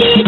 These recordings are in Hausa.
Thank you.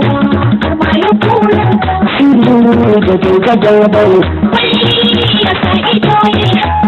Thank you.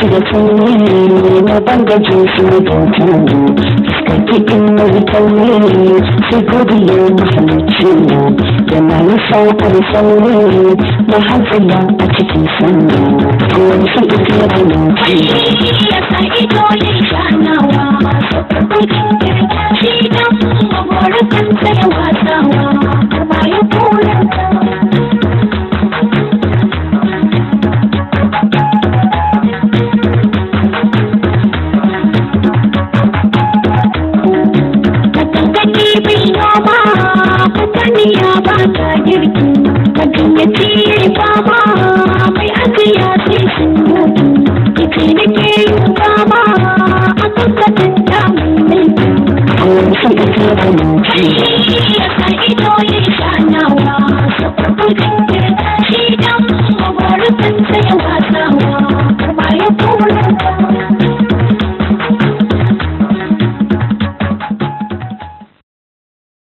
su da tsauri na bangaje su da tsauri suka kikin mai tsauri sai godiya mahalicci yana yi saukar tsauri na hanzila a cikin sanyi ko wani sun fi fiye da nufi. Ya sa ido ne shanawa, su kuma kin kirkashi don maborakan tsayawa tsawa. Я так и то есть, я на вас, что пробудим, я